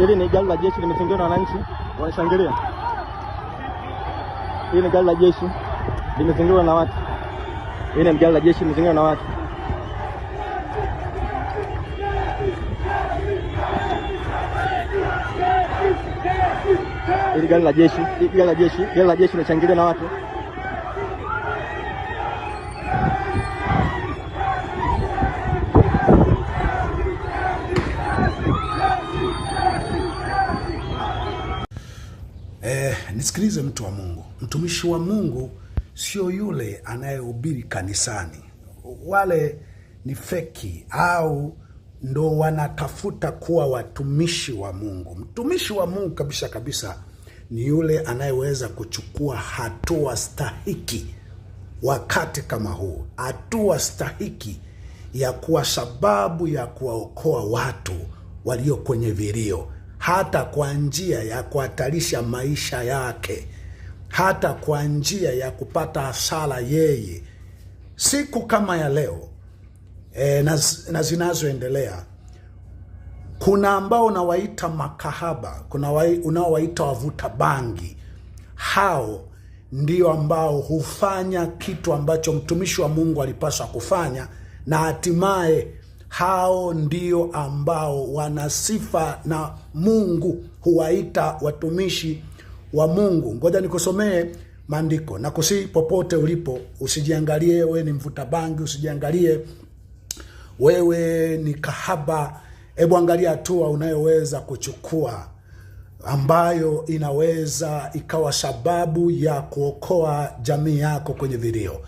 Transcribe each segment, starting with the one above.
Hili ni gari la jeshi limezingira na wananchi wanashangilia. Hili ni gari la jeshi limezingirwa na watu. Hili ni gari la jeshi limezingirwa na watu. Hili gari la jeshi, gari la jeshi, gari la jeshi linashangilia na watu. Nisikilize mtu wa Mungu, mtumishi wa Mungu sio yule anayehubiri kanisani. Wale ni feki au ndo wanatafuta kuwa watumishi wa Mungu. Mtumishi wa Mungu kabisa kabisa ni yule anayeweza kuchukua hatua stahiki wakati kama huu, hatua stahiki ya kuwa sababu ya kuwaokoa watu walio kwenye vilio hata kwa njia ya kuhatarisha maisha yake, hata kwa njia ya kupata hasara yeye. Siku kama ya leo e, na, na zinazoendelea kuna ambao unawaita makahaba, kuna unaowaita wavuta bangi. Hao ndio ambao hufanya kitu ambacho mtumishi wa Mungu alipaswa kufanya na hatimaye hao ndio ambao wana sifa na Mungu huwaita watumishi wa Mungu. Ngoja nikusomee maandiko na kusi, popote ulipo, usijiangalie wewe ni mvuta bangi, usijiangalie wewe ni kahaba. Hebu angalia hatua unayoweza kuchukua ambayo inaweza ikawa sababu ya kuokoa jamii yako kwenye vilio.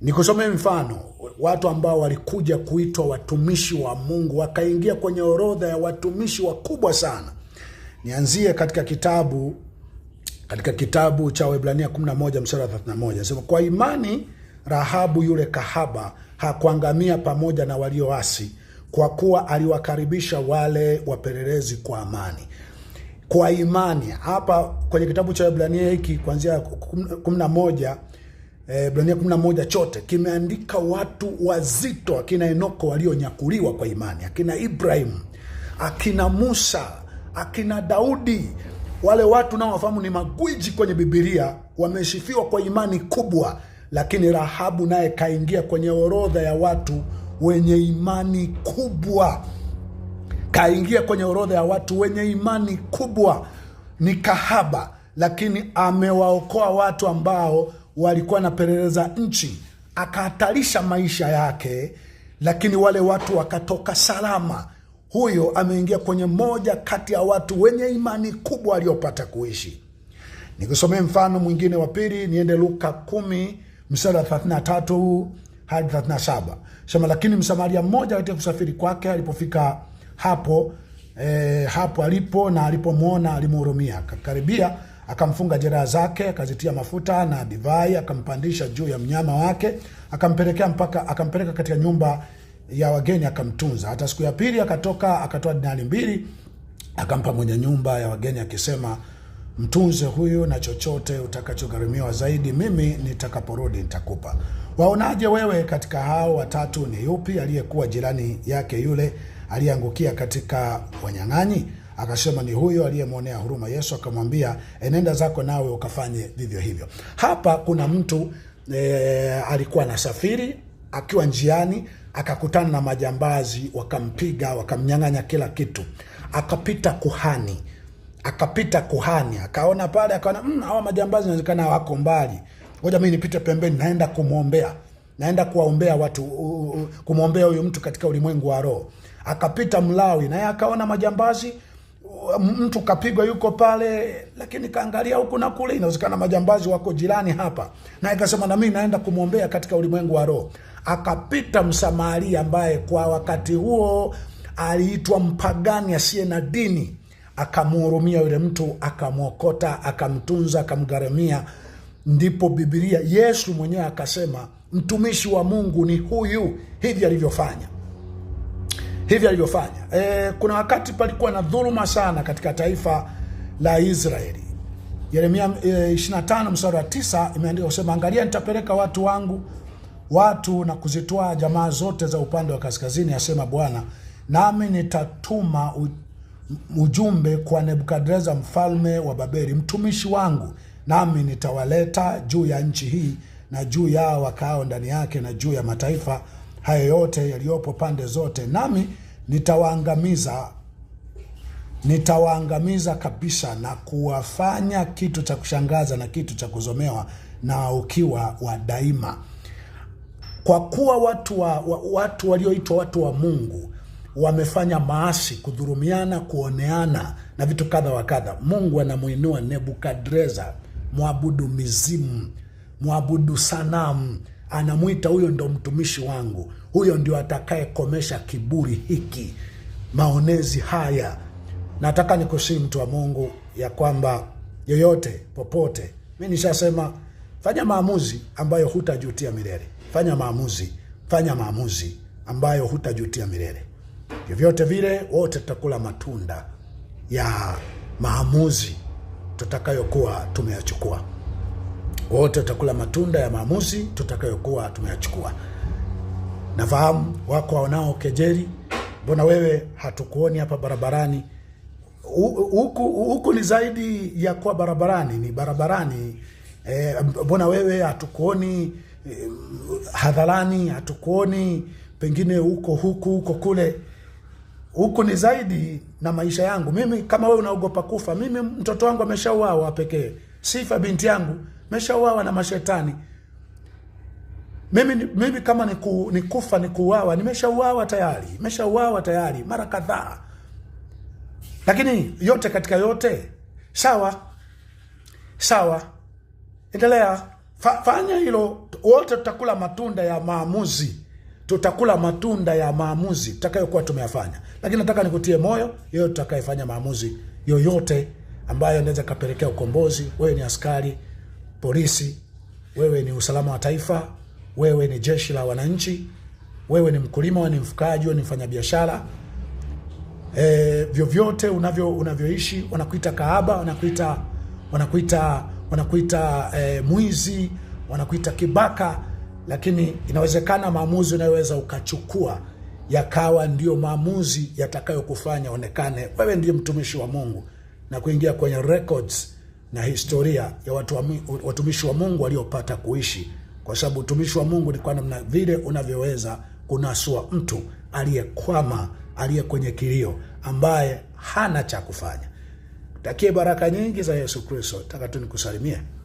Nikusomee mfano watu ambao walikuja kuitwa watumishi wa Mungu, wakaingia kwenye orodha ya watumishi wakubwa sana. Nianzie katika kitabu katika kitabu cha Waebrania 11 mstari wa 31, nasema kwa imani Rahabu yule kahaba hakuangamia pamoja na walioasi, kwa kuwa aliwakaribisha wale wapelelezi kwa amani. Kwa imani hapa kwenye kitabu cha Waebrania hiki kuanzia 11 Ibrania eh, 11 chote kimeandika watu wazito, akina Enoko walionyakuliwa kwa imani, akina Ibrahim, akina Musa, akina Daudi. Wale watu nao wafahamu ni magwiji kwenye Bibilia, wamesifiwa kwa imani kubwa, lakini Rahabu naye kaingia kwenye orodha ya watu wenye imani kubwa, kaingia kwenye orodha ya watu wenye imani kubwa. Ni kahaba, lakini amewaokoa watu ambao walikuwa wanapeleleza nchi, akahatarisha maisha yake, lakini wale watu wakatoka salama. Huyo ameingia kwenye moja kati ya watu wenye imani kubwa aliyopata kuishi. Nikusomee mfano mwingine wa pili, niende Luka kumi mstari wa 33 hadi 37. Sema, lakini Msamaria mmoja katika kusafiri kwake alipofika hapo e, hapo alipo na alipomwona alimhurumia, akakaribia akamfunga jeraha zake, akazitia mafuta na divai, akampandisha juu ya mnyama wake, akampelekea mpaka akampeleka katika nyumba ya wageni, akamtunza. Hata siku ya pili akatoka, akatoa dinari mbili, akampa mwenye nyumba ya wageni akisema, mtunze huyu na chochote utakachogharimiwa zaidi, mimi nitakaporudi nitakupa. Waonaje wewe katika hao watatu, ni yupi aliyekuwa jirani yake yule aliyeangukia katika wanyang'anyi? Akasema ni huyo aliyemwonea huruma Yesu, akamwambia enenda zako nawe ukafanye vivyo hivyo. Hapa kuna mtu e, alikuwa anasafiri akiwa njiani akakutana na majambazi, wakampiga wakamnyang'anya kila kitu. Akapita kuhani, akapita kuhani, akaona pale, akaona mmm, hawa majambazi inawezekana wako mbali, ngoja mi nipite pembeni, naenda kumwombea naenda kuwaombea watu, kumwombea huyu mtu katika ulimwengu wa roho. Akapita Mlawi naye akaona majambazi mtu kapigwa yuko pale, lakini kaangalia huku na kule, inawezekana majambazi wako jirani hapa, na ikasema na mimi naenda kumwombea katika ulimwengu wa roho. Akapita Msamaria ambaye kwa wakati huo aliitwa mpagani asiye na dini, akamhurumia yule mtu, akamwokota, akamtunza, akamgharamia. Ndipo Bibilia, Yesu mwenyewe akasema, mtumishi wa Mungu ni huyu, hivi alivyofanya hivi alivyofanya. E, kuna wakati palikuwa na dhuluma sana katika taifa la Israeli. Yeremia e, 25 mstari wa 9 imeandika kusema, angalia nitapeleka watu wangu watu na kuzitoa jamaa zote za upande wa kaskazini, asema Bwana, nami nitatuma ujumbe kwa Nebukadreza mfalme wa Babeli, mtumishi wangu, nami nitawaleta juu ya nchi hii na juu yao wakaao ndani yake na juu ya mataifa haya yote yaliyopo pande zote, nami nitawaangamiza nitawaangamiza kabisa na kuwafanya kitu cha kushangaza na kitu cha kuzomewa na ukiwa wa daima, kwa kuwa watu wa, wa, watu walioitwa watu wa Mungu wamefanya maasi, kudhurumiana, kuoneana na vitu kadha wa kadha. Mungu anamuinua Nebukadreza, mwabudu mizimu, mwabudu sanamu anamwita huyo ndo mtumishi wangu, huyo ndio atakayekomesha kiburi hiki, maonezi haya. Nataka nikusii mtu wa Mungu ya kwamba yoyote, popote, mi nishasema, fanya maamuzi ambayo hutajutia milele. Fanya maamuzi, fanya maamuzi ambayo hutajutia milele. Vyovyote vile, wote tutakula matunda ya maamuzi tutakayokuwa tumeyachukua wote tutakula matunda ya maamuzi tutakayokuwa tumeyachukua. Nafahamu wako wanao kejeli, mbona wewe hatukuoni hapa barabarani? Huku huku ni zaidi ya kuwa barabarani, ni barabarani. Eh, mbona e, wewe hatukuoni e, hadharani, hatukuoni pengine huko huku huko kule huku ni zaidi na maisha yangu mimi. Kama wewe unaogopa kufa, mimi mtoto wangu ameshauawa pekee, sifa binti yangu Mmeshauawa na mashetani. Mimi, mimi kama niku, nikufa nikuuawa, nimeshauawa tayari, nimeshauawa tayari mara kadhaa. Lakini yote katika yote, sawa sawa, endelea fa, fanya hilo. Wote tutakula matunda ya maamuzi, tutakula matunda ya maamuzi tutakayokuwa tumeyafanya. Lakini nataka nikutie moyo, yeyote tutakayefanya maamuzi yoyote ambayo inaweza kapelekea ukombozi, wewe ni askari polisi, wewe ni usalama wa taifa, wewe ni jeshi la wananchi, wewe ni mkulima, wewe ni mfukaji, wewe ni mfanyabiashara. E, vyovyote unavyo unavyoishi wanakuita kahaba, wanakuita wanakuita wanakuita e, mwizi, wanakuita kibaka, lakini inawezekana maamuzi unayoweza ukachukua yakawa ndiyo maamuzi yatakayokufanya onekane wewe ndiye mtumishi wa Mungu na kuingia kwenye records na historia ya watu, watumishi wa Mungu waliopata kuishi, kwa sababu utumishi wa Mungu ni kwa namna vile unavyoweza kunasua mtu aliyekwama, aliye kwenye kilio, ambaye hana cha kufanya. Takie baraka nyingi za Yesu Kristo. Taka tu nikusalimie